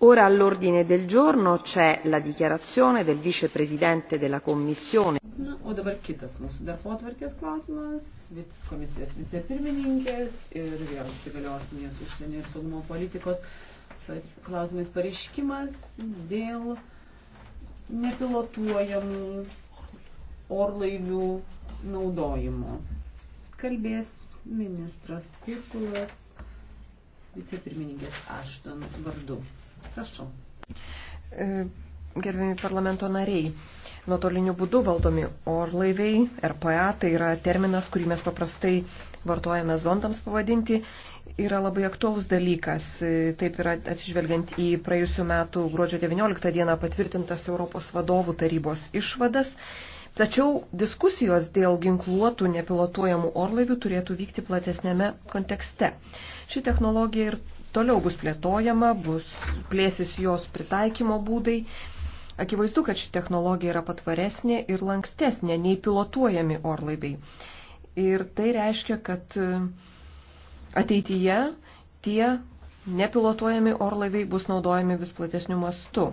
ora all'ordine del giorno c'è la dichiarazione del vicepresidente della commissione Na, o dabar kitas mūsų darbotvarkės klausimas komisijos vicepirmininkės ir vyriausios įgaliotinės užsienio ir saugumo politikos klausimais pareiškimas dėl nepilotuojamų orlaivių naudojimo. Kalbės ministras Kukulas vicepirmininkės Ašton vardu. Prašau. E, gerbiami parlamento nariai, nuotoliniu būdu valdomi orlaiviai, RPA, tai yra terminas, kurį mes paprastai vartojame zondams pavadinti, yra labai aktuolus dalykas. E, taip yra atsižvelgiant į praėjusiu metu gruodžio 19 dieną patvirtintas Europos vadovų tarybos išvadas. Tačiau diskusijos dėl ginkluotų nepilotuojamų orlaivių turėtų vykti platesnėme kontekste. Ši technologija ir toliau bus plėtojama, bus plėsis jos pritaikymo būdai. Akivaizdu, kad ši technologija yra patvaresnė ir lankstesnė nei pilotuojami orlaiviai. Ir tai reiškia, kad e, ateityje tie nepilotuojami orlaiviai bus naudojami vis platesniu mastu.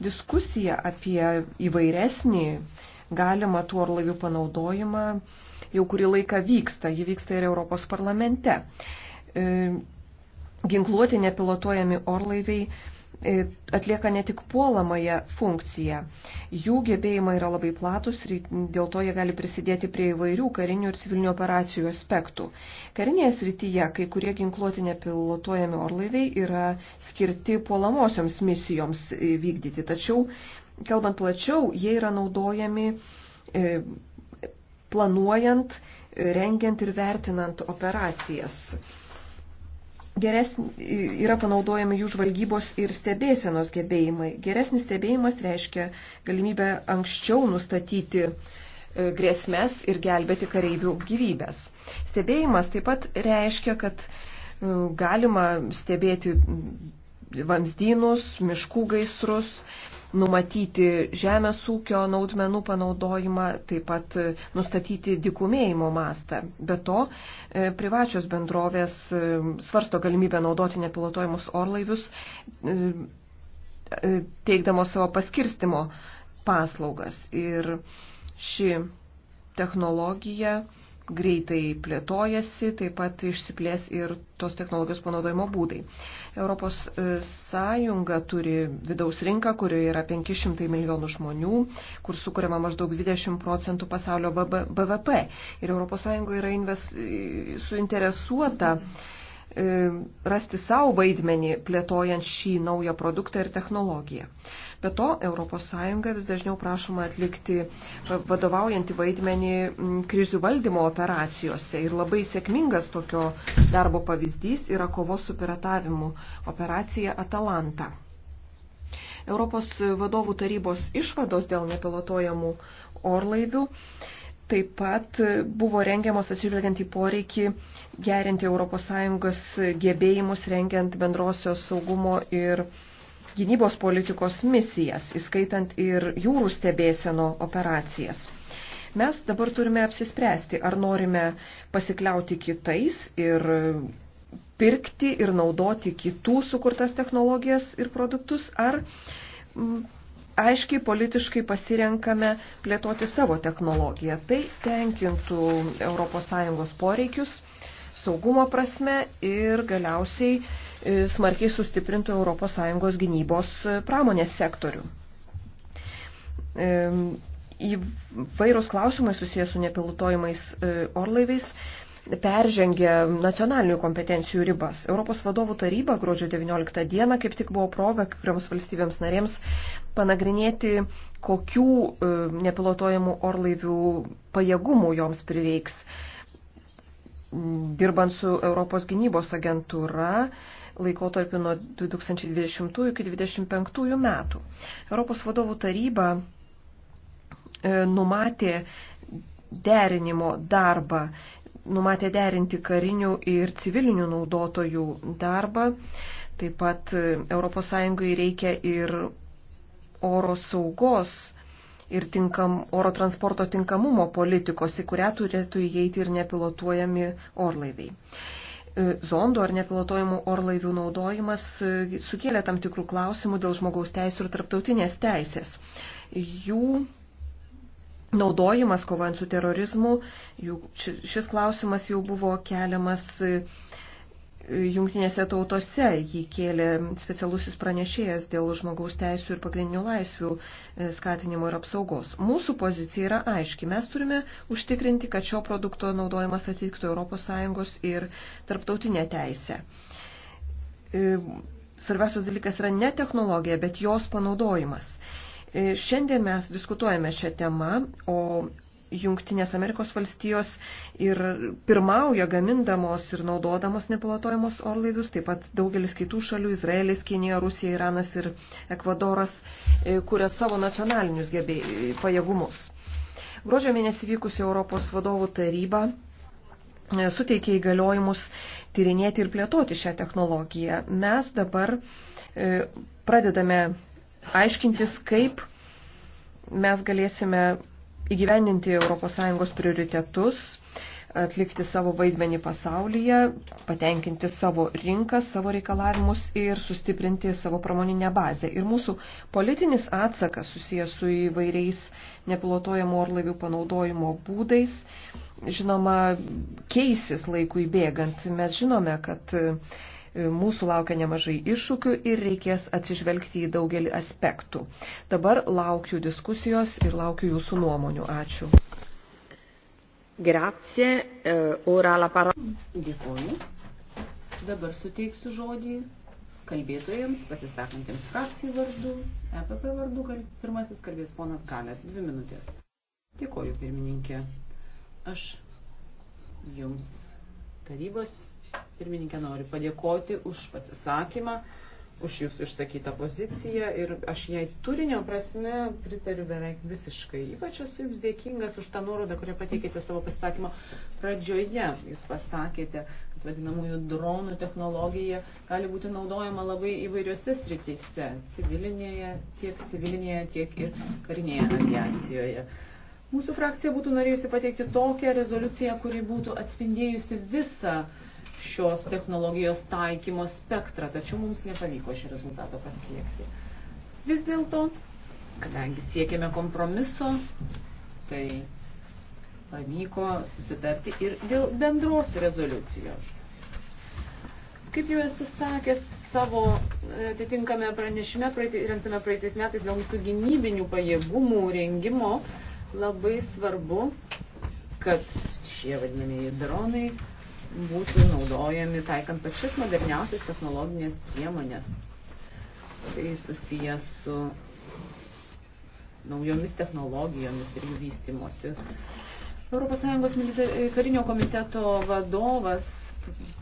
Diskusija apie įvairesnį galima tų orlaivių panaudojimą jau kurį laiką vyksta. Ji vyksta ir Europos parlamente. E, ginkluoti nepilotuojami orlaiviai e, atlieka ne tik puolamąją funkciją. Jų gebėjimai yra labai platus ir dėl to jie gali prisidėti prie įvairių karinių ir civilinių operacijų aspektų. Karinėje srityje kai kurie ginkluoti nepilotuojami orlaiviai yra skirti puolamosioms misijoms e, vykdyti, tačiau, kalbant plačiau, jie yra naudojami e, planuojant, rengiant ir vertinant operacijas geres, yra panaudojami jų žvalgybos ir stebėsenos gebėjimai. Geresnis stebėjimas reiškia galimybę anksčiau nustatyti e, grėsmės ir gelbėti kareivių gyvybės. Stebėjimas taip pat reiškia, kad e, galima stebėti vamzdynus, miškų gaisrus, numatyti žemės ūkio naudmenų panaudojimą, taip pat e, nustatyti dikumėjimo mastą. Be to, e, privačios bendrovės e, svarsto galimybę naudoti nepilotojimus orlaivius, teikdamos savo paskirstimo paslaugas. Ir ši technologija greitai plėtojasi, taip pat išsiplės ir tos technologijos panaudojimo būdai. Europos e, Sąjunga turi vidaus rinką, kurioje yra 500 milijonų žmonių, kur sukuriama maždaug 20 procentų pasaulio BVP. Ir Europos Sąjunga yra inves, suinteresuota. Mm E, rasti savo vaidmenį plėtojant šį naują produktą ir technologiją. Be to, ES vis dažniau prašoma atlikti vadovaujantį vaidmenį krizių valdymo operacijose ir labai sėkmingas tokio darbo pavyzdys yra kovos su piratavimu operacija Atalanta. Europos vadovų tarybos išvados dėl nepilotojamų orlaivių Taip pat buvo rengiamos atsižvelgiant į poreikį gerinti ES gebėjimus, rengiant bendrosios saugumo ir gynybos politikos misijas, įskaitant ir jūrų stebėseno operacijas. Mes dabar turime apsispręsti, ar norime pasikliauti kitais ir pirkti ir naudoti kitų sukurtas technologijas ir produktus, ar aiškiai politiškai pasirenkame plėtoti savo technologiją. Tai tenkintų ES poreikius saugumo prasme ir galiausiai e, smarkiai sustiprintų ES gynybos e, pramonės sektorių. E, įvairūs klausimai susijęs su nepilotojimais orlaiviais peržengia nacionalinių kompetencijų ribas. Europos vadovų taryba gruodžio 19 dieną kaip tik buvo proga kai kurioms valstybėms narėms panagrinėti, kokių e, nepilotojamų orlaivių pajėgumų joms prireiks. Dirbant su Europos gynybos agentūra, laikotarpiu nuo 2020 iki 2025 metų. Europos vadovų taryba e, numatė derinimo darbą numatė derinti karinių ir civilinių naudotojų darbą. Taip pat ES reikia ir oro saugos ir tinkam, oro transporto tinkamumo politikos, į kurią turėtų įeiti ir nepilotuojami orlaiviai. E, zondo ar nepilotuojamų orlaivių naudojimas e, sukėlė tam tikrų klausimų dėl žmogaus teisų ir tarptautinės teisės. Jų naudojimas kovojant su terorizmu. Jų, šis klausimas jau buvo keliamas e, jungtinėse tautose. Jį kėlė specialusis pranešėjas dėl žmogaus teisų ir pagrindinių laisvių e, skatinimo ir apsaugos. Mūsų pozicija yra aiški. Mes turime užtikrinti, kad šio produkto naudojimas atitiktų ES ir tarptautinę teisę. E, svarbiausias dalykas yra ne technologija, bet jos panaudojimas. E, šiandien mes diskutuojame šią temą, o Junktinės Amerikos valstijos ir pirmauja gamindamos ir naudodamos nepilotojamos orlaivius, taip pat daugelis kitų šalių, Izraelis, Kinija, Rusija, Iranas ir Ekvadoras, e, kuria savo nacionalinius gebėjai, pajėgumus. Gruodžio mėnesį vykusi Europos vadovų taryba e, suteikia įgaliojimus tyrinėti ir plėtoti šią technologiją. Mes dabar pradedame aiškintis, kaip mes galėsime įgyvendinti ES prioritetus, atlikti savo vaidmenį pasaulyje, patenkinti savo rinką, savo reikalavimus ir sustiprinti savo pramoninę bazę. Ir mūsų politinis atsakas susijęs su įvairiais nepilotojamų orlaivių panaudojimo būdais, žinoma, keisis laikui bėgant. Mes žinome, kad mūsų laukia nemažai iššūkių ir reikės atsižvelgti į daugelį aspektų. Dabar laukiu diskusijos ir laukiu jūsų nuomonių. Ačiū. Grazie. E, ora la parola. Dėkuoju. Dabar suteiksiu žodį kalbėtojams, pasisakantiems frakcijų vardu, EPP vardu. Pirmasis kalbės ponas Galės. Dvi minutės. Dėkuoju, pirmininkė. Aš jums tarybos Pirmininkė noriu padėkoti už pasisakymą, už jūsų išsakytą poziciją ir aš jai turinio prasme pritariu beveik visiškai. Ypač esu jums dėkingas už tą nuorodą, kurią pateikėte savo pasisakymo pradžioje. Jūs pasakėte, kad vadinamųjų dronų technologija gali būti naudojama labai įvairiose srityse - civilinėje, tiek civilinėje, tiek ir karinėje aviacijoje. Mūsų frakcija būtų norėjusi pateikti tokią rezoliuciją, kuri būtų atspindėjusi visą uh, šios technologijos taikymo spektrą, tačiau mums nepavyko šio rezultato pasiekti. Vis dėlto, kadangi siekėme kompromiso, tai pavyko susitarti ir dėl bendros rezoliucijos. Kaip jau esu sakęs savo atitinkame pranešime, praeitį, renktame praeitais metais dėl mūsų gynybinių pajėgumų rengimo, labai svarbu, kad šie vadinamieji dronai būtų naudojami taikant pačias moderniausias technologinės priemonės. Tai susijęs su naujomis technologijomis ir jų vystimuosi. ES karinio komiteto vadovas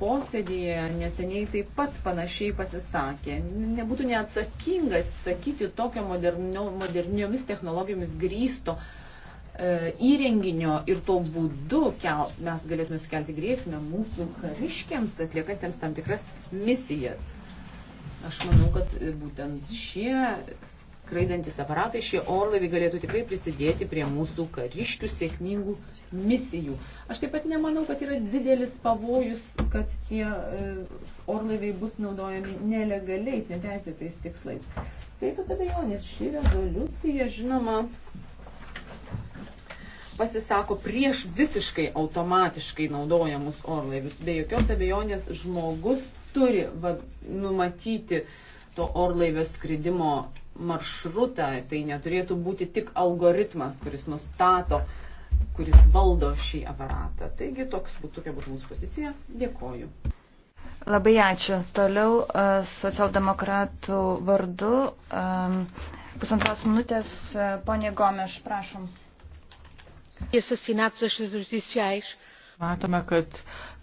posėdėje neseniai taip pat panašiai pasisakė. Nebūtų neatsakinga atsakyti tokio modernio, moderniomis technologijomis grįsto uh, E, įrenginio ir to būdu kel, mes galėtume sukelti grėsmę mūsų kariškiams atliekantiems tam tikras misijas. Aš manau, kad būtent šie skraidantis aparatai, šie orlaiviai galėtų tikrai prisidėti prie mūsų kariškių sėkmingų misijų. Aš taip pat nemanau, kad yra didelis pavojus, kad tie e, orlaiviai bus naudojami nelegaliais, neteisėtais tikslais. Taip, abejonės, ši rezoliucija, žinoma, pasisako prieš visiškai automatiškai naudojamus orlaivius. Be jokios abejonės žmogus turi va, numatyti to orlaivio skridimo maršrutą. Tai neturėtų būti tik algoritmas, kuris nustato, kuris valdo šį aparatą. Taigi toks būtų, tokia būtų mūsų pozicija. Dėkoju. Labai ačiū. Toliau e, socialdemokratų vardu. E, pusantros minutės, e, ponė Gomeš, prašom. Matome, kad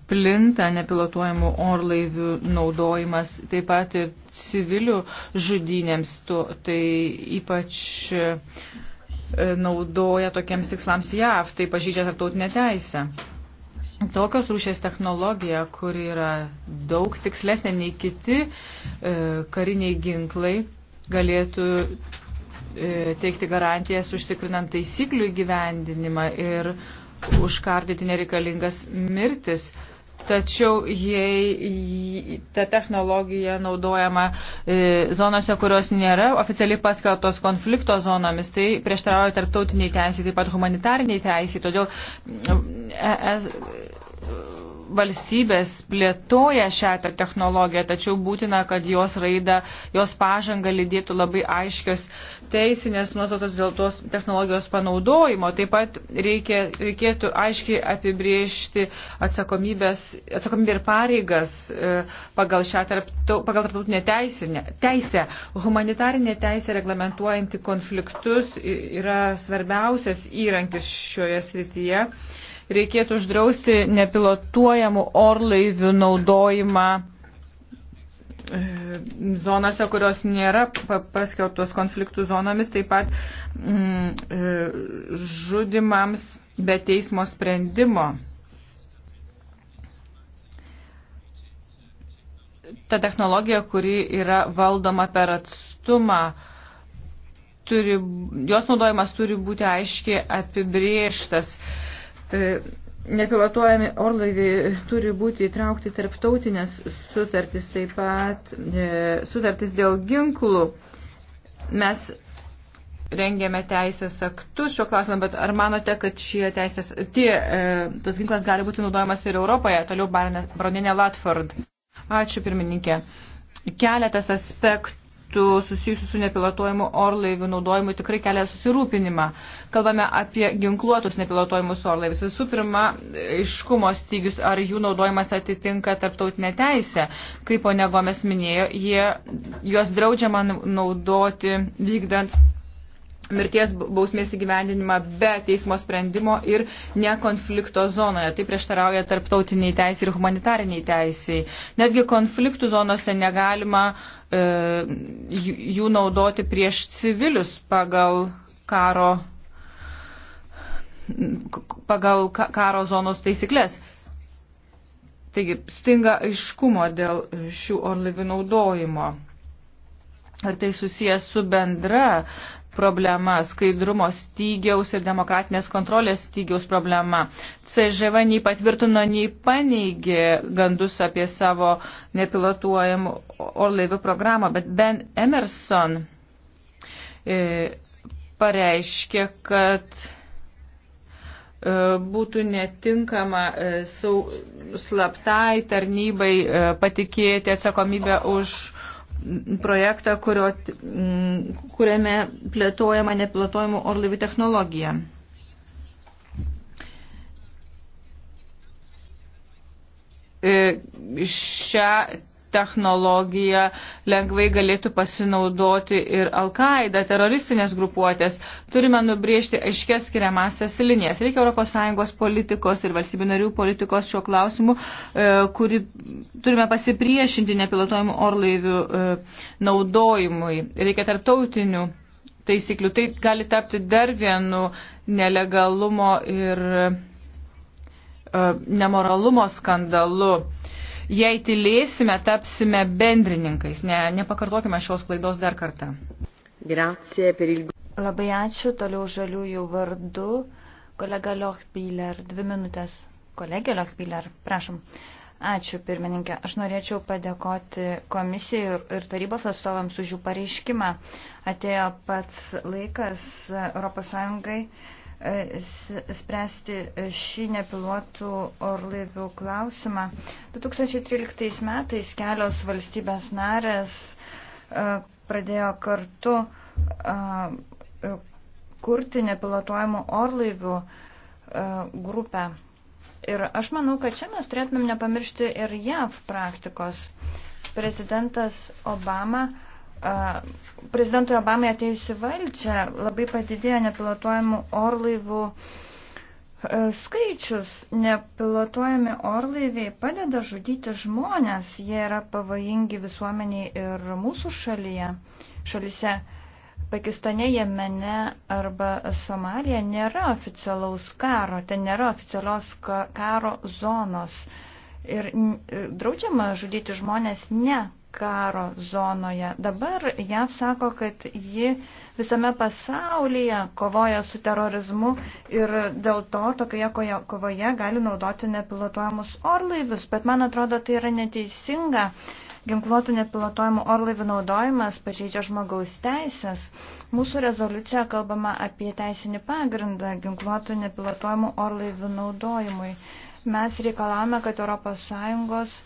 plinta nepilotuojamų orlaivių naudojimas, taip pat ir civilių žudynėms, to, tai ypač e, naudoja tokiems tikslams JAV, tai pažydžia tarptautinę teisę. Tokios rūšės technologija, kuri yra daug tikslesnė nei kiti e, kariniai ginklai, galėtų E, teikti garantijas užtikrinant taisyklių įgyvendinimą ir užkardyti nereikalingas mirtis. Tačiau jei ta technologija naudojama e, zonose, kurios nėra oficialiai paskelbtos konflikto zonomis, tai prieštarauja tarptautiniai teisiai, taip pat humanitariniai teisiai. Todėl e, es, valstybės plėtoja šią technologiją, tačiau būtina, kad jos raida, jos pažanga lydėtų labai aiškios teisinės nuostatos dėl tos technologijos panaudojimo. Taip pat reikia, reikėtų aiškiai apibriežti atsakomybę ir pareigas e, pagal šią tarptau, pagal tarptautinę teisinę, teisę. Humanitarinė teisė reglamentuojanti konfliktus yra svarbiausias įrankis šioje srityje reikėtų uždrausti nepilotuojamų orlaivių naudojimą e, zonose, kurios nėra paskelbtos konfliktų zonomis, taip pat mm, e, žudimams be teismo sprendimo. Ta technologija, kuri yra valdoma per atstumą, turi, jos naudojimas turi būti aiškiai apibrieštas. E, E, nepilotuojami orlaiviai turi būti įtraukti tarptautinės sutartys, taip pat e, sutartys dėl ginklų. Mes rengėme teisės aktus šio klausimą, bet ar manote, kad šie teisės, tie, e, tas ginklas gali būti naudojamas ir Europoje? Toliau baronė Latford. Ačiū pirmininkė. Keletas aspektų aspektų susijusių su nepilotuojimu orlaivių naudojimu tikrai kelia susirūpinimą. Kalbame apie ginkluotus nepilotuojimus orlaivius. Visų pirma, iškumo stygius, ar jų naudojimas atitinka tarptautinę teisę. Kaip ponegomės minėjo, jie, juos draudžiama naudoti vykdant mirties bausmės įgyvendinimą be teismo sprendimo ir ne konflikto zonoje. Tai prieštarauja tarptautiniai teisai ir humanitariniai teisai. Netgi konfliktų zonose negalima e, jų naudoti prieš civilius pagal karo, pagal karo zonos taisyklės. Taigi, stinga aiškumo dėl šių orlaivių naudojimo. Ar tai susijęs su bendra problema, skaidrumo stygiaus ir demokratinės kontrolės stygiaus problema. CŽV nei patvirtino, nei paneigė gandus apie savo nepilotuojamų orlaivių programą, bet Ben Emerson e, pareiškė, kad e, būtų netinkama e, slaptai tarnybai e, patikėti atsakomybę už uh, projektą, kurio, mm, kuriame plėtojama nepilotuojamų orlaivių technologija. E, šią technologiją lengvai galėtų pasinaudoti ir Al-Qaeda, teroristinės grupuotės. Turime nubriežti aiškės skiriamasias linijas. Reikia ES politikos ir valstybių narių politikos šiuo klausimu, e, kuri turime pasipriešinti nepilotojimų orlaivių e, naudojimui. Reikia tarptautinių taisyklių. Tai gali tapti dar vienu nelegalumo ir e, nemoralumo skandalu. Jei tylėsime, tapsime bendrininkais. Ne, nepakartokime šios klaidos dar kartą. Il... Labai ačiū. Toliau žaliųjų vardu. Kolega Lochbiller, dvi minutės. Kolegė Lochbiller, prašom. Ačiū, pirmininkė. Aš norėčiau padėkoti komisijai ir, ir tarybos atstovams už jų pareiškimą. Atėjo pats laikas ES spręsti šį nepilotų orlaivių klausimą. 2013 metais kelios valstybės narės e, pradėjo kartu e, kurti nepilotuojamų orlaivių e, grupę. Ir aš manau, kad čia mes turėtumėm nepamiršti ir JAV praktikos. Prezidentas Obama uh, prezidentui Obamai atėjusi valdžia labai padidėjo nepilotuojamų orlaivų e, skaičius. Nepilotuojami orlaiviai padeda žudyti žmonės, jie yra pavojingi visuomeniai ir mūsų šalyje, šalyse. Pakistane, Jemene arba Somalija nėra oficialaus karo, ten nėra oficialios karo zonos. Ir draudžiama žudyti žmonės ne karo zonoje. Dabar JAV sako, kad ji visame pasaulyje kovoja su terorizmu ir dėl to tokioje kovoje gali naudoti nepilotuojamus orlaivius, bet man atrodo tai yra neteisinga. Ginkluotų nepilotuojamų orlaivių naudojimas pažeidžia žmogaus teisės. Mūsų rezoliucija kalbama apie teisinį pagrindą ginkluotų nepilotuojamų orlaivių naudojimui mes reikalavome, kad ES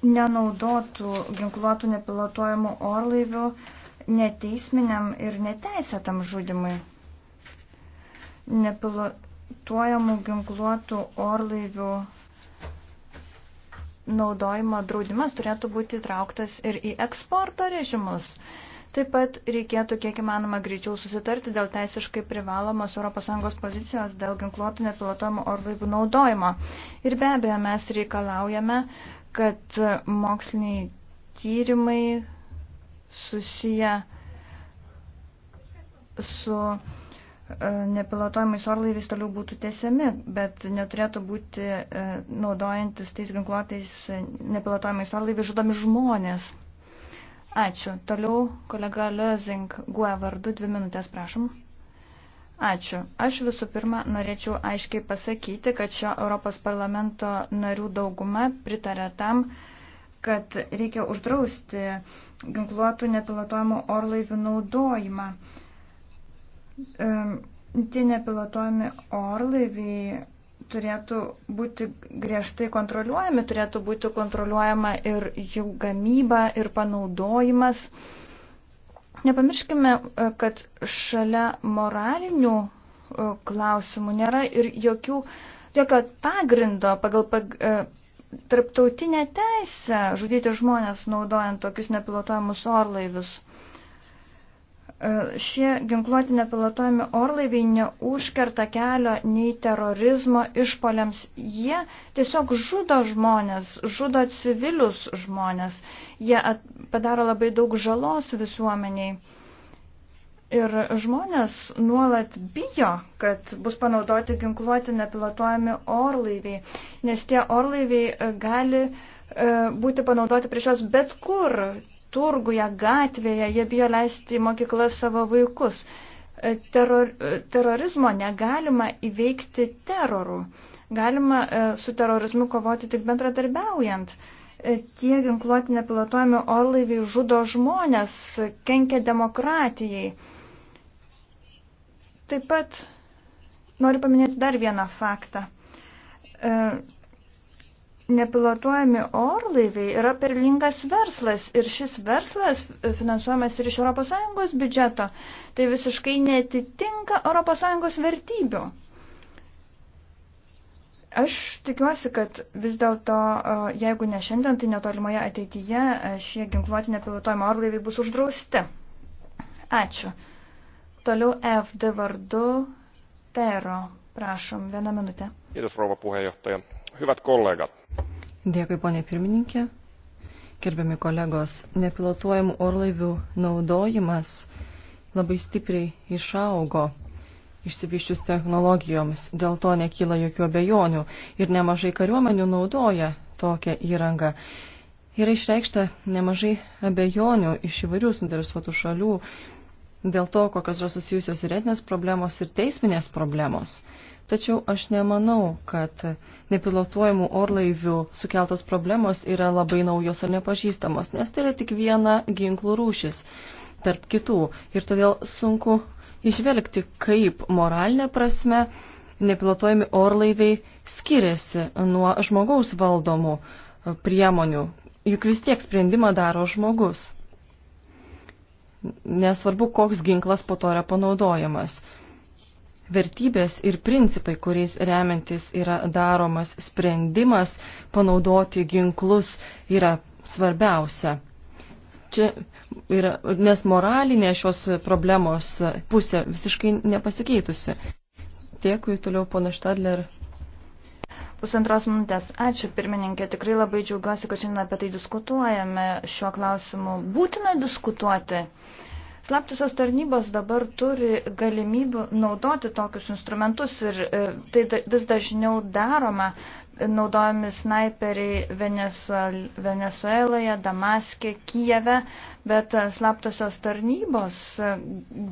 nenaudotų ginkluotų nepilotuojamų orlaivių neteisminiam ir neteisėtam žudimui. Nepilotuojamų ginkluotų orlaivių naudojimo draudimas turėtų būti įtrauktas ir į eksporto režimus. Taip pat reikėtų kiek įmanoma greičiau susitarti dėl teisiškai privalomos ES pozicijos dėl ginkluotų nepilotuojamų orlaivių naudojimo. Ir be abejo mes reikalaujame uh, kad moksliniai tyrimai susiję su e, nepilotuojamais orlaiviais toliau būtų tesiami, bet neturėtų būti e, naudojantis tais ginkluotais e, nepilotuojamais orlaiviais žudomi žmonės. Ačiū. Toliau kolega Lözing Gue vardu, dvi minutės prašom. Ačiū. Aš visų pirma norėčiau aiškiai pasakyti, kad šio Europos parlamento narių dauguma pritarė tam, kad reikia uždrausti ginkluotų nepilotuojamų orlaivių naudojimą. Tie nepilotuojami orlaiviai turėtų būti griežtai kontroliuojami, turėtų būti kontroliuojama ir jų gamyba, ir panaudojimas. Nepamirškime, e, kad šalia moralinių e, klausimų nėra ir jokių, jokio pagrindo pagal pag, e, tarptautinę teisę žudyti žmonės naudojant tokius nepilotuojamus orlaivius. E, šie ginkluoti nepilotuojami orlaiviai neužkerta kelio nei terorizmo išpoliams. Jie tiesiog žudo žmonės, žudo civilius žmonės. Jie padaro labai daug žalos visuomeniai. Ir žmonės nuolat bijo, kad bus panaudoti ginkluoti nepilotuojami orlaiviai, nes tie orlaiviai e, gali e, būti panaudoti prieš juos bet kur turguje, gatvėje, jie bijo leisti į mokyklą savo vaikus. E, teror, e, terorizmo negalima įveikti terorų. Galima e, su terorizmu kovoti tik bendradarbiaujant. Tie ginkluoti nepilotuojami orlaiviai žudo žmonės, kenkia demokratijai. Taip pat noriu paminėti dar vieną faktą nepilotuojami orlaiviai yra perlingas verslas ir šis verslas finansuojamas ir iš ES biudžeto. Tai visiškai netitinka ES vertybių. Aš tikiuosi, kad vis dėlto, jeigu ne šiandien, tai netolimoje ateityje šie ginkluoti nepilotuojami orlaiviai bus uždrausti. Ačiū. Toliau FD vardu Tero. Prašom, vieną minutę. Kiitos rouva puheenjohtaja Hyvät kollegat. Dėkui, ponė pirmininkė. Gerbiami kolegos, nepilotuojamų orlaivių naudojimas labai stipriai išaugo išsivyščius technologijoms, dėl to nekyla jokių abejonių ir nemažai kariuomenių naudoja tokią įrangą. Yra išreikšta nemažai abejonių iš įvairių suinteresuotų šalių dėl to, kokios yra susijusios ir etinės problemos, ir teisminės problemos. Tačiau aš nemanau, kad nepilotuojamų orlaivių sukeltos problemos yra labai naujos ar nepažįstamos, nes tai yra tik viena ginklų rūšis tarp kitų. Ir todėl sunku išvelgti, kaip moralinė prasme nepilotuojami orlaiviai skiriasi nuo žmogaus valdomų priemonių. Juk vis tiek sprendimą daro žmogus nesvarbu, koks ginklas po to yra panaudojamas. Vertybės ir principai, kuriais remiantis yra daromas sprendimas panaudoti ginklus, yra svarbiausia. Čia yra, nes moralinė šios problemos pusė visiškai nepasikeitusi. Dėkui toliau, pana Štadler. Pusantros minutės. Ačiū, pirmininkė. Tikrai labai džiaugiuosi, kad šiandien apie tai diskutuojame. Šiuo klausimu būtina diskutuoti. Slaptusios tarnybos dabar turi galimybių naudoti tokius instrumentus ir e, tai vis dažniau daroma. Naudojami snaiperiai Venezueloje, Damaskė, Kijeve, bet e, slaptosios tarnybos e,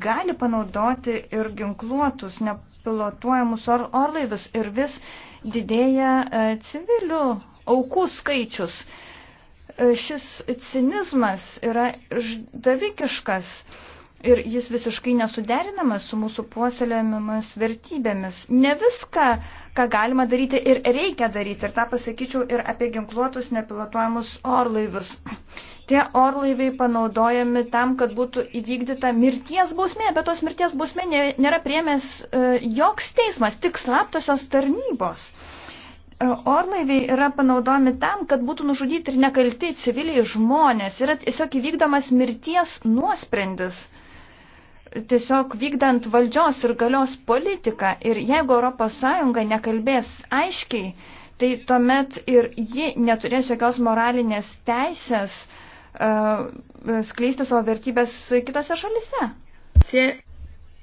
gali panaudoti ir ginkluotus, ne, pilotuojamus or orlaivius ir vis didėja e, civilių aukų skaičius. E, šis cinizmas yra išdavikiškas ir jis visiškai nesuderinamas su mūsų puoselėmiamis vertybėmis. Ne viską ką galima daryti ir reikia daryti. Ir tą pasakyčiau ir apie ginkluotus nepilotuojamus orlaivius. Tie orlaiviai panaudojami tam, kad būtų įvykdyta mirties bausmė, bet tos mirties bausmė nėra priemęs e, joks teismas, tik slaptosios tarnybos. E, orlaiviai yra panaudojami tam, kad būtų nužudyti ir nekalti civiliai žmonės. Yra tiesiog įvykdomas mirties nuosprendis tiesiog vykdant valdžios ir galios politiką. Ir jeigu ES nekalbės aiškiai, tai tuomet ir ji neturės jokios moralinės teisės uh, skleisti savo vertybės kitose šalise.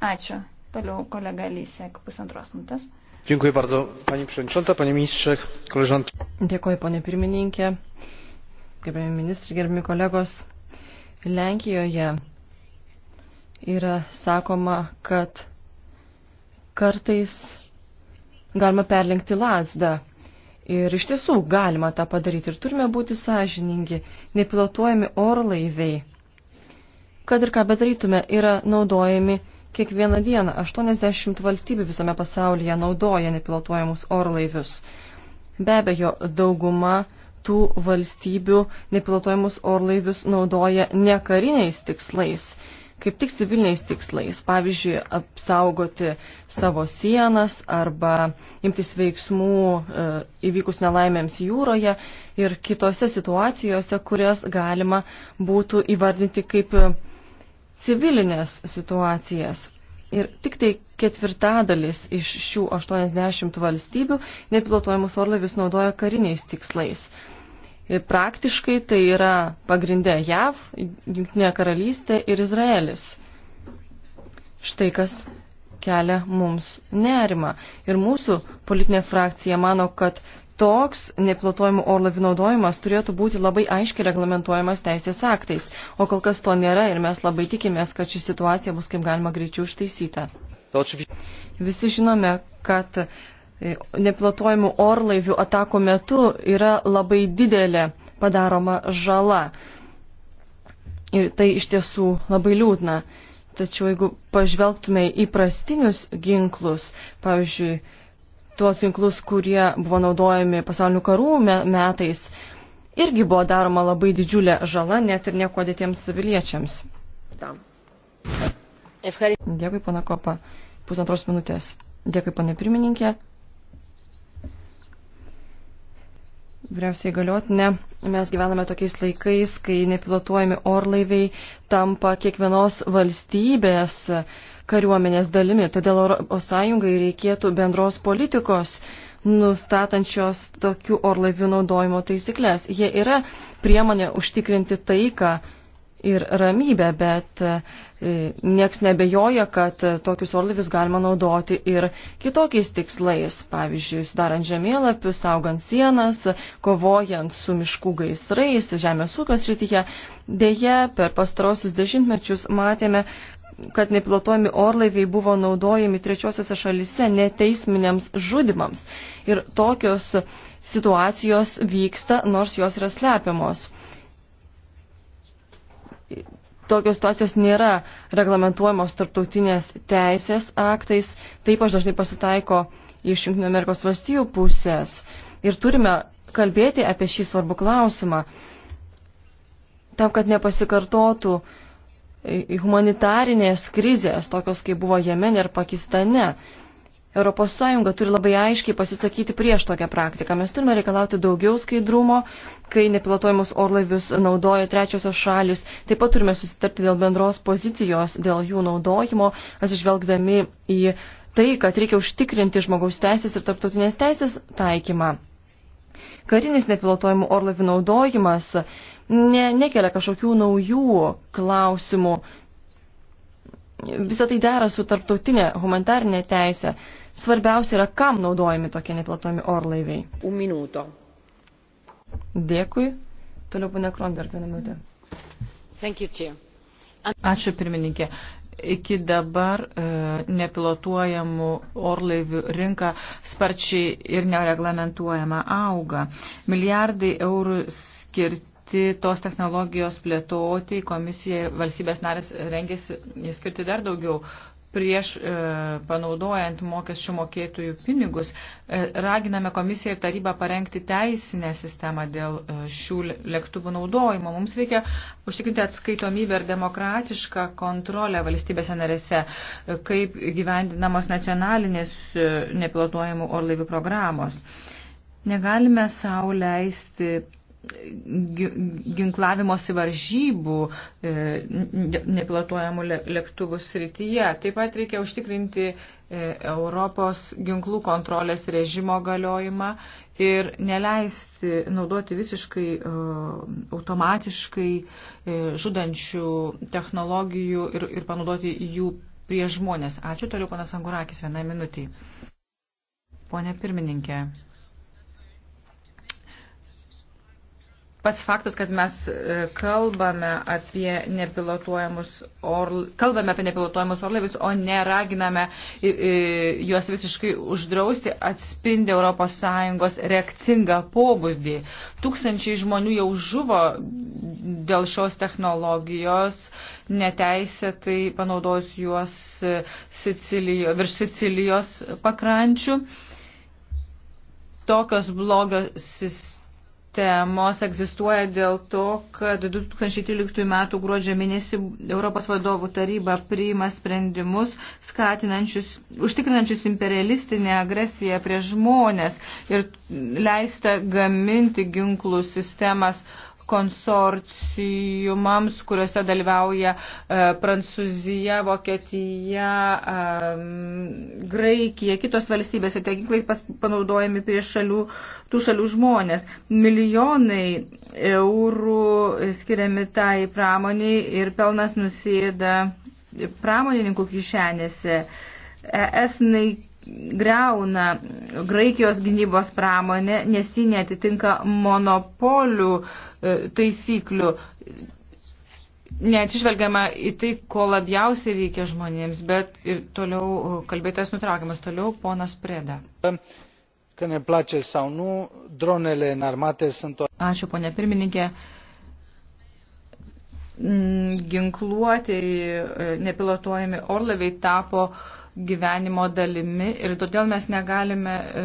Ačiū. Toliau kolega Lysek, pusantros minutės. Dziękuję bardzo, pani przewodnicząca, panie ministrze, koleżanki. Dziękuję, panie pirmininkė, gerbiami ministrai, gerbiami kolegos. Lenkijoje yra sakoma, kad kartais galima perlenkti lasdą. Ir iš tiesų galima tą padaryti ir turime būti sąžiningi, nepilotuojami orlaiviai. Kad ir ką bedarytume, yra naudojami kiekvieną dieną. 80 valstybių visame pasaulyje naudoja nepilotuojamus orlaivius. Be abejo, dauguma tų valstybių nepilotuojamus orlaivius naudoja ne kariniais tikslais kaip tik civiliniais tikslais, pavyzdžiui, apsaugoti savo sienas arba imtis veiksmų e, įvykus nelaimėms jūroje ir kitose situacijose, kurias galima būtų įvardinti kaip e, civilinės situacijas. Ir tik tai ketvirtadalis iš šių 80 valstybių nepilotuojamus orlaivius naudoja kariniais tikslais praktiškai tai yra pagrindė JAV, Junktinė karalystė ir Izraelis. Štai kas kelia mums nerimą. Ir mūsų politinė frakcija mano, kad toks nepilotuojamų orlavių naudojimas turėtų būti labai aiškiai reglamentuojamas teisės aktais, o kol kas to nėra ir mes labai tikimės, kad ši situacija bus kaip galima greičiau ištaisyta. Visi žinome, kad E, nepilotuojamų orlaivių atako metu yra labai didelė padaroma žala. Ir tai iš tiesų labai liūdna. Tačiau jeigu pažvelgtume į prastinius ginklus, pavyzdžiui, tuos ginklus, kurie buvo naudojami pasaulinių karų metais, irgi buvo daroma labai didžiulė žala net ir nekodėtiems civiliečiams. Dėkui, pana Kopa. Pusantros minutės. Dėkui, pane pirmininkė. Vyriausiai galiotinė, mes gyvename tokiais laikais, kai nepilotuojami orlaiviai tampa kiekvienos valstybės kariuomenės dalimi. Todėl ES reikėtų bendros politikos nustatančios tokių orlaivių naudojimo taisyklės. Jie yra priemonė užtikrinti taiką ir ramybę, bet e, nieks nebejoja, kad tokius orlaivius galima naudoti ir kitokiais tikslais, pavyzdžiui, sudarant žemėlapius, saugant sienas, kovojant su miškų gaisrais, žemės ūkio srityje. Deja, per pastarosius dešimtmečius matėme, kad nepilotuojami orlaiviai buvo naudojami trečiosiose šalise neteisminiams žudimams. Ir tokios situacijos vyksta, nors jos yra slepiamos tokios situacijos nėra reglamentuojamos tarptautinės teisės aktais, taip aš dažnai pasitaiko iš Junktinio Amerikos valstijų pusės. Ir turime kalbėti apie šį svarbų klausimą, tam, kad nepasikartotų humanitarinės krizės, tokios kaip buvo Jemen ir Pakistane. ES turi labai aiškiai pasisakyti prieš tokią praktiką. Mes turime reikalauti daugiau skaidrumo, kai nepilotojimus orlaivius naudoja trečiosios šalis. Taip pat turime susitarti dėl bendros pozicijos, dėl jų naudojimo, atsižvelgdami į tai, kad reikia užtikrinti žmogaus teisės ir tarptautinės teisės taikymą. Karinis nepilotojimų orlaivių naudojimas ne, nekelia kažkokių naujų klausimų. Visą tai dera su tarptautinė humanitarinė teisė. Svarbiausia yra, kam naudojami tokie neplatomi orlaiviai. Un minuto. Dėkui. Toliau pane Kronberg vieną minutę. Ačiū pirmininkė iki dabar e, nepilotuojamų orlaivių rinka sparčiai ir nereglamentuojama auga. Milijardai eurų skirti tos technologijos plėtoti, komisija valstybės narės rengėsi skirti dar daugiau prieš e, panaudojant mokesčių mokėtojų pinigus. E, raginame komisiją ir tarybą parengti teisinę sistemą dėl e, šių lėktuvų naudojimo. Mums reikia užtikrinti atskaitomybę ir demokratišką kontrolę valstybėse narėse, e, kaip gyvendinamos nacionalinės e, nepilotuojamų orlaivių programos. Negalime sauliaisti ginklavimosi varžybų e, nepilotuojamų lėktuvų srityje. Taip pat reikia užtikrinti e, Europos ginklų kontrolės režimo galiojimą ir neleisti naudoti visiškai e, automatiškai žudančių technologijų ir, ir panaudoti jų prie žmonės. Ačiū toliau, panas Angurakis, vieną minutį. Pone pirmininkė. pats faktas, kad mes e, kalbame apie nepilotuojamus, orla, kalbame apie nepilotuojamus orlaivius, o neraginame juos visiškai uždrausti, atspindi ES reakcingą pobūdį. Tūkstančiai žmonių jau žuvo dėl šios technologijos, neteisėtai panaudojus juos e, Sicilijo, virš Sicilijos pakrančių. Tokios blogos sistemos temos egzistuoja dėl to, kad 2013 m. gruodžio mėnesį Europos vadovų taryba priima sprendimus, skatinančius, užtikrinančius imperialistinę agresiją prieš žmonės ir leista gaminti ginklų sistemas konsorcijumams, kuriuose dalyvauja e, Prancūzija, Vokietija, Graikija, kitos valstybės ir tie ginklai panaudojami prieš šalių, tų šalių žmonės. Milijonai eurų skiriami tai pramoniai ir pelnas nusėda pramonininkų kišenėse. ES naikinimas greuna Graikijos gynybos pramonė, nes ji netitinka monopolių e, taisyklių. Neatsižvelgiama į tai, ko labiausiai reikia žmonėms, bet ir toliau e, kalbėtojas nutraukiamas, toliau ponas Preda. Nu, Ačiū, ponė pirmininkė mm, ginkluoti e, nepilotuojami orlaviai tapo gyvenimo dalimi ir todėl mes negalime e,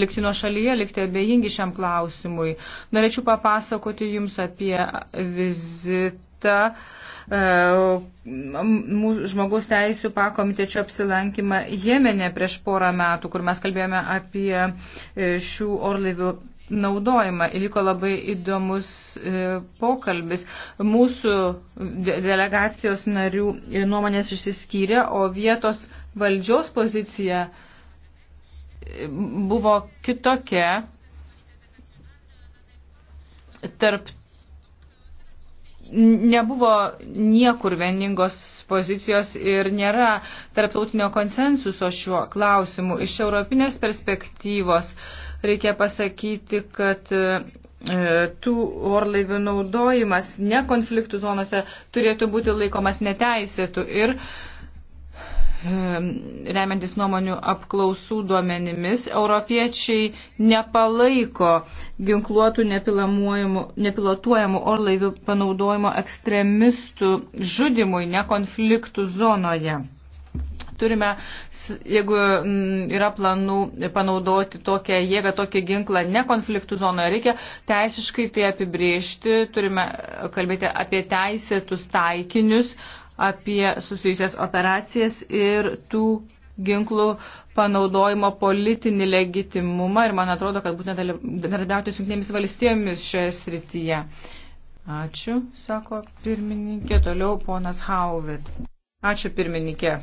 likti nuo šalyje, likti abejingi šiam klausimui. Norėčiau papasakoti Jums apie vizitą e, žmogaus teisų pakomitečio apsilankymą Jemenė prieš porą metų, kur mes kalbėjome apie e, šių orlaivių naudojimą. Įvyko labai įdomus e, pokalbis. Mūsų delegacijos narių e, nuomonės išsiskyrė, o vietos valdžios pozicija e, buvo kitokia. Tarp nebuvo niekur vieningos pozicijos ir nėra tarptautinio konsensuso šiuo klausimu. Iš europinės perspektyvos uh, reikia pasakyti, kad e, tų orlaivių naudojimas ne konfliktų zonose turėtų būti laikomas neteisėtų ir e, remiantis nuomonių apklausų duomenimis, europiečiai nepalaiko ginkluotų nepilotuojamų orlaivių panaudojimo ekstremistų žudimui ne konfliktų zonoje turime, jeigu mm, yra planų panaudoti tokią jėgą, tokį ginklą ne konfliktų zonoje, reikia teisiškai tai apibriežti, turime kalbėti apie teisėtus taikinius, apie susijusias operacijas ir tų ginklų panaudojimo politinį legitimumą ir man atrodo, kad būtent bendradarbiauti su jungtinėmis valstybėmis šioje srityje. Ačiū, sako pirmininkė, toliau ponas Hauvit. Ačiū pirmininkė.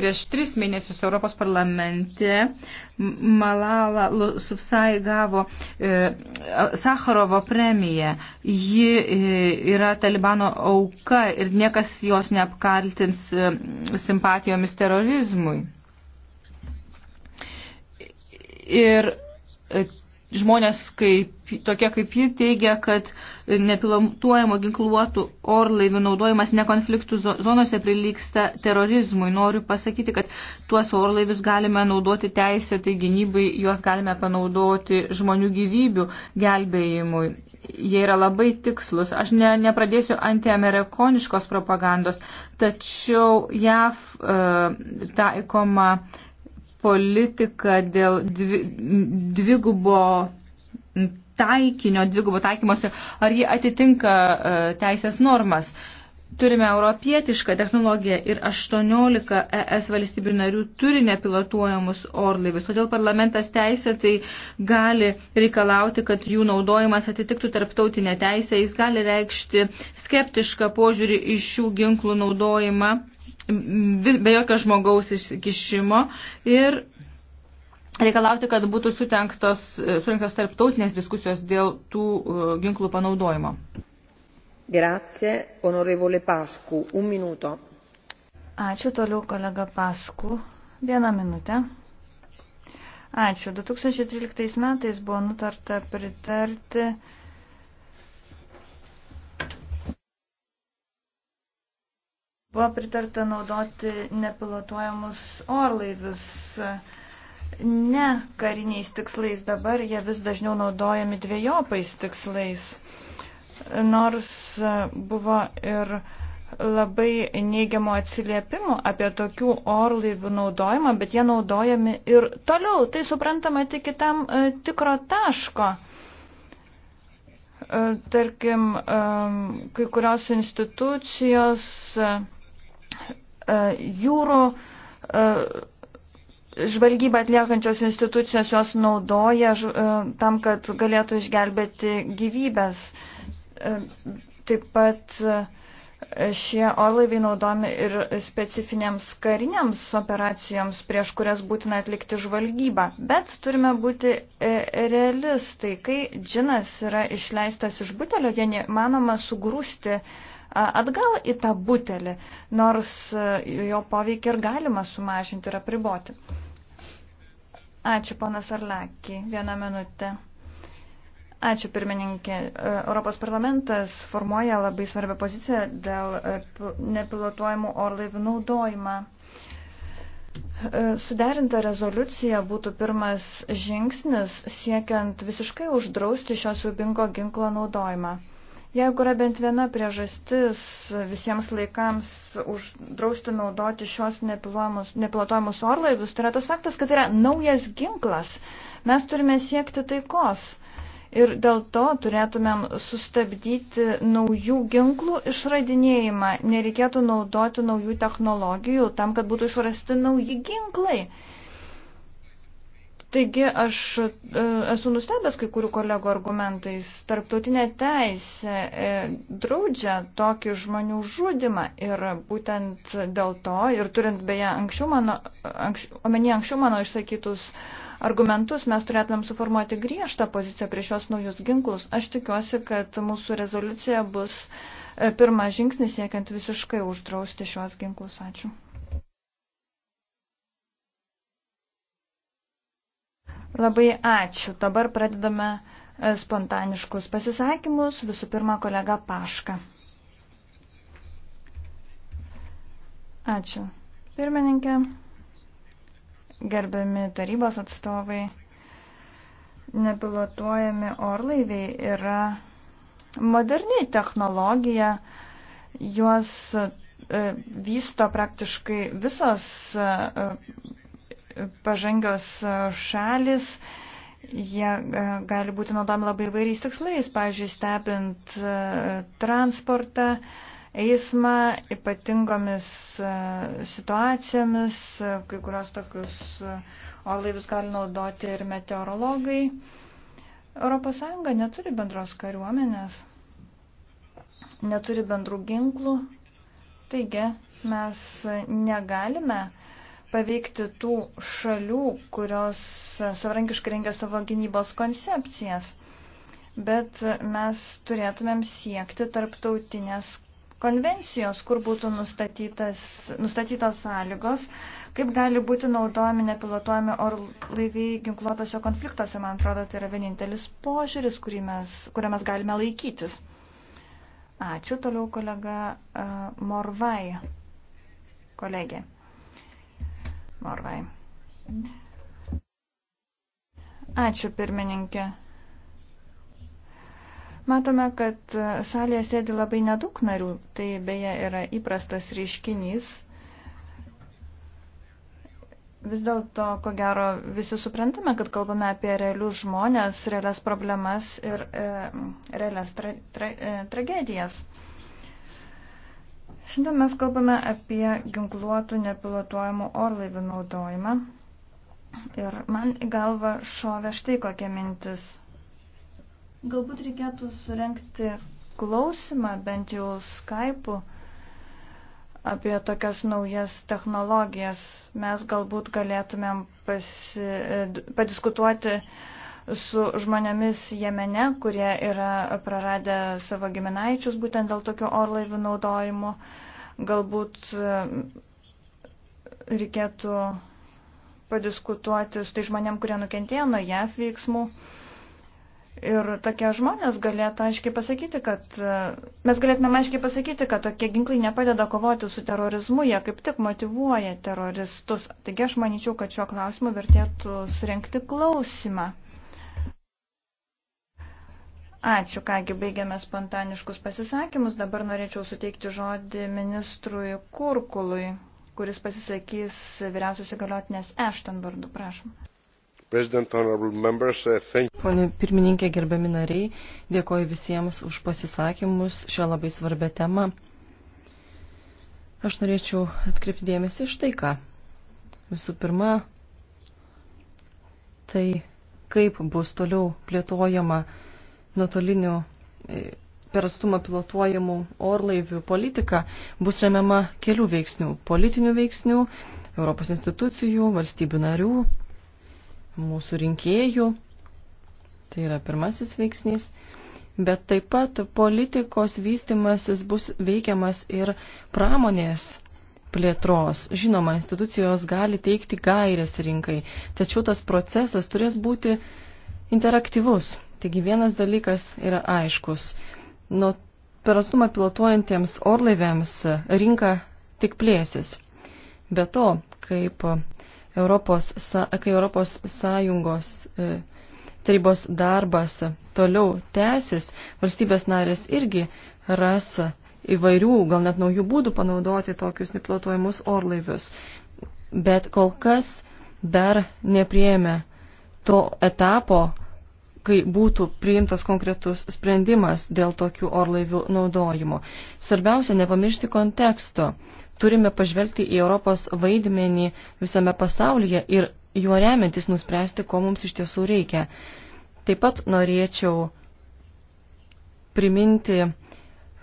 Prieš tris mėnesius Europos parlamente Malala Sufsai gavo e, Sakharovo premiją. Ji e, yra Talibano auka ir niekas jos neapkaltins e, simpatijomis terorizmui. Ir e, žmonės kaip, tokie kaip ji teigia, kad nepilotuojamo ginkluotų orlaivių naudojimas nekonfliktų zonose prilyksta terorizmui. Noriu pasakyti, kad tuos orlaivius galime naudoti teisę, tai gynybai juos galime panaudoti žmonių gyvybių gelbėjimui. Jie yra labai tikslus. Aš ne, nepradėsiu antiamerikoniškos propagandos, tačiau JAV e, taikoma e, politika dėl dvi, dvigubo taikinio, dvigubo taikymosi, ar ji atitinka e, teisės normas. Turime europietišką technologiją ir 18 ES valstybių narių turi nepilotuojamus orlaivius, todėl parlamentas teisė tai gali reikalauti, kad jų naudojimas atitiktų tarptautinę teisę, jis gali reikšti skeptišką požiūrį iš šių ginklų naudojimą be jokio žmogaus iškišimo ir reikalauti, kad būtų sutenktos, surinktos tarptautinės diskusijos dėl tų e, ginklų panaudojimo. Grazie, onorevole Pasku, un minuto. Ačiū toliau, kolega Pasku. Vieną minutę. Ačiū. 2013 metais buvo nutarta pritarti Buvo pritarta naudoti nepilotuojamus orlaivius ne kariniais tikslais, dabar jie vis dažniau naudojami dviejopais tikslais. Nors buvo ir labai neigiamo atsiliepimų apie tokių orlaivių naudojimą, bet jie naudojami ir toliau. Tai suprantama tik kitam e, tikro taško. E, tarkim, e, kai kurios institucijos. E, E, jūrų e, žvalgybą atliekančios institucijos juos naudoja e, tam, kad galėtų išgelbėti gyvybės. Taip pat šie orlaiviai naudomi ir specifinėms kariniams operacijoms, prieš kurias būtina atlikti žvalgybą. Bet turime būti realistai. Kai džinas yra išleistas iš butelio, jie manoma sugrūsti uh, atgal į tą butelį, nors e, jo poveikį ir galima sumažinti ir apriboti. Ačiū, ponas Arlaki. Vieną minutę. Ačiū, pirmininkė. E, Europos parlamentas formuoja labai svarbią poziciją dėl e, nepilotuojamų orlaivių naudojimą. Suderinta rezoliucija būtų pirmas žingsnis siekiant visiškai uždrausti šio siubingo ginklo naudojimą. Jeigu yra bent viena priežastis visiems laikams uždrausti naudoti šios nepilotuojamus orlaivius, tai yra tas faktas, kad tai yra naujas ginklas. Mes turime siekti taikos. Ir dėl to turėtumėm sustabdyti naujų ginklų išradinėjimą. Nereikėtų naudoti naujų technologijų tam, kad būtų išrasti nauji ginklai. Taigi aš e, esu nustebęs kai kurių kolegų argumentais. Tarptautinė teisė e, draudžia tokį žmonių žudimą ir būtent dėl to, ir turint beje anksčiau mano, anksčiau, omeny anksčiau mano išsakytus argumentus, mes turėtumėm suformuoti griežtą poziciją prieš šios naujus ginklus. Aš tikiuosi, kad mūsų rezoliucija bus e, pirmas žingsnis siekiant visiškai uždrausti šios ginklus. Ačiū. Labai ačiū. Dabar pradedame e, spontaniškus pasisakymus. Visų pirma, kolega Paška. Ačiū. Pirmininkė, gerbiami tarybos atstovai, nepilotuojami orlaiviai yra moderni technologija, juos e, vysto praktiškai visos e, pažangios e, šalis, jie e, gali būti naudojami labai vairiais tikslais, pavyzdžiui, stebint e, transportą, eismą, ypatingomis situacijomis, kai kurios tokius orlaivius gali naudoti ir meteorologai. ES neturi bendros kariuomenės, neturi bendrų ginklų, taigi mes negalime paveikti tų šalių, kurios savarankiškai rengia savo gynybos koncepcijas. Bet mes turėtumėm siekti tarptautinės konvencijos, kur būtų nustatytos sąlygos, kaip gali būti naudojami nepilotuojami orlaiviai ginkluotose konfliktuose. Man atrodo, tai yra vienintelis požiūris, mes, kurio mes galime laikytis. Ačiū toliau kolega uh, Morvai, kolegė. Morvai. Ačiū, pirmininkė. Matome, kad salėje sėdi labai nedaug narių, tai beje yra įprastas reiškinys. Vis dėlto, ko gero, visi suprantame, kad kalbame apie realius žmonės, realias problemas ir e, realias tra, tra, e, tragedijas. Šiandien mes kalbame apie ginkluotų nepilotuojamų orlaivių naudojimą. Ir man į galvą šovė štai kokia mintis. Galbūt reikėtų surenkti klausimą bent jau Skype'u apie tokias naujas technologijas. Mes galbūt galėtumėm pasi, padiskutuoti uh, su žmonėmis Jemene, kurie yra praradę savo giminaičius būtent dėl tokių orlaivių naudojimo. Galbūt e, reikėtų padiskutuoti su tai žmonėm, kurie nukentėjo nuo JAF veiksmų. Ir tokie žmonės galėtų aiškiai pasakyti, kad e, mes galėtume aiškiai pasakyti, kad tokie ginklai nepadeda kovoti su terorizmu, jie kaip tik motivuoja teroristus. Taigi aš manyčiau, kad šiuo klausimu vertėtų surenkti klausimą. Ačiū, kągi baigiame spontaniškus pasisakymus. Dabar norėčiau suteikti žodį ministrui Kurkului, kuris pasisakys vyriausios įgaliotinės Ešton vardu. Prašom. Uh, Pone pirmininkė, gerbiami nariai, dėkoju visiems už pasisakymus šią labai svarbę temą. Aš norėčiau atkreipti dėmesį iš tai, ką. Visų pirma, tai kaip bus toliau plėtojama nuotolinių e, per atstumą pilotuojamų orlaivių politika bus remiama kelių veiksnių - politinių veiksnių, Europos institucijų, valstybių narių, mūsų rinkėjų. Tai yra pirmasis veiksnys. Bet taip pat politikos vystimasis bus veikiamas ir pramonės plėtros. Žinoma, institucijos gali teikti gairias rinkai, tačiau tas procesas turės būti interaktyvus Taigi vienas dalykas yra aiškus. Nuo per atstumą pilotuojantiems orlaiviams rinka tik plėsis. Be to, kaip Europos, kai Europos Sąjungos e, tarybos darbas toliau tęsis, valstybės narės irgi ras įvairių, gal net naujų būdų panaudoti tokius nepilotuojamus orlaivius. Bet kol kas dar neprieme to etapo, kai būtų priimtas konkretus sprendimas dėl tokių orlaivių naudojimo. Svarbiausia nepamiršti konteksto. Turime pažvelgti į Europos vaidmenį visame pasaulyje ir juo remiantis nuspręsti, ko mums iš tiesų reikia. Taip pat norėčiau priminti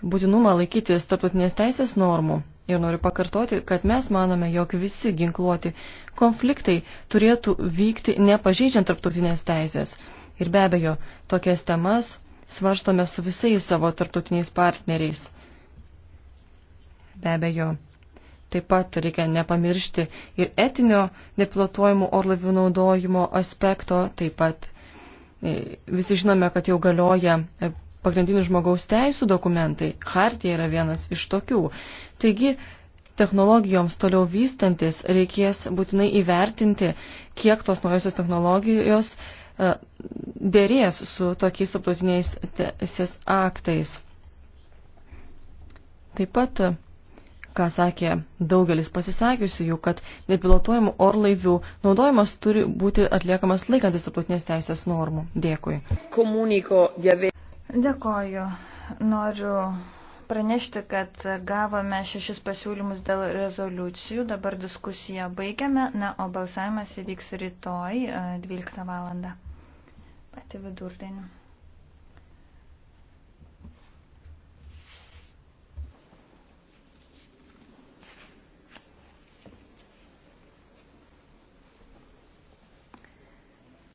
būtinumą laikytis tarptautinės teisės normų. Ir noriu pakartoti, kad mes manome, jog visi ginkluoti konfliktai turėtų vykti nepažeidžiant tarptautinės teisės. Ir be abejo, tokias temas svarstome su visais savo tarptautiniais partneriais. Be abejo, taip pat reikia nepamiršti ir etinio nepilotuojamų orlavių naudojimo aspekto, taip pat e, visi žinome, kad jau galioja e, pagrindinių žmogaus teisų dokumentai, hartija yra vienas iš tokių. Taigi, technologijoms toliau vystantis reikės būtinai įvertinti, kiek tos naujosios technologijos E, dėrės su tokiais tarptautiniais teisės aktais. Taip pat, ką sakė daugelis pasisakiusių, kad nepilotuojamų orlaivių naudojimas turi būti atliekamas laikantis tarptautinės teisės normų. Dėkui. Komuniko dieve. Dėkoju. Noriu pranešti, kad gavome šešis pasiūlymus dėl rezoliucijų, dabar diskusiją baigiame, na, o balsavimas įvyks rytoj 12 e, valandą atį vidurdienį.